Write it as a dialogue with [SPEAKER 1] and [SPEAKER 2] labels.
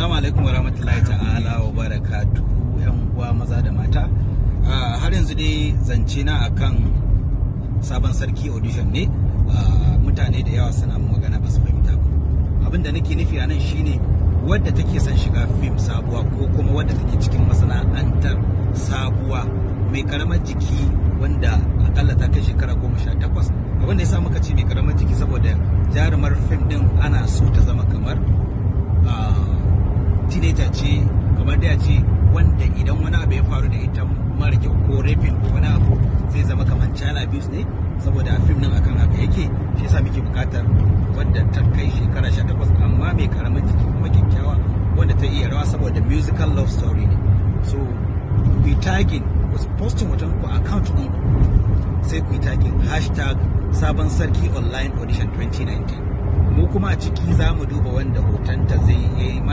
[SPEAKER 1] Assalamu alaikum warahmatullahi ta'ala wa barakatu yan uwa maza da mata. Ah, har yanzu dai zance na akan sabon sarki audition ne ah, mutane da yawa suna magana ba su fahimta ba. Abin da nake nufi a nan shine wadda take son shiga fim sabuwa ko kuma wadda take cikin masana'antar sabuwa mai karamar jiki wanda akalla ta kai shekara goma sha takwas abin da ya sa muka ce mai karamar jiki saboda jarumar fim din ana so ta zama kamar ah, teenager ce kamar da ce wanda idan wani abu ya faru da ita mara kyau ko rapin ko wani abu zai zama kamar child abuse ne saboda a fim nan akan haka yake shi yasa muke bukatar wanda ta kai shekara 18 amma mai karamin jiki kuma kyakkyawa wanda ta iya rawa saboda musical love story ne so we tagging was posting hoton ku account din sai ku tagging hashtag sabon sarki online audition 2019 mu kuma a ciki za mu duba wanda hotonta zai yi eh,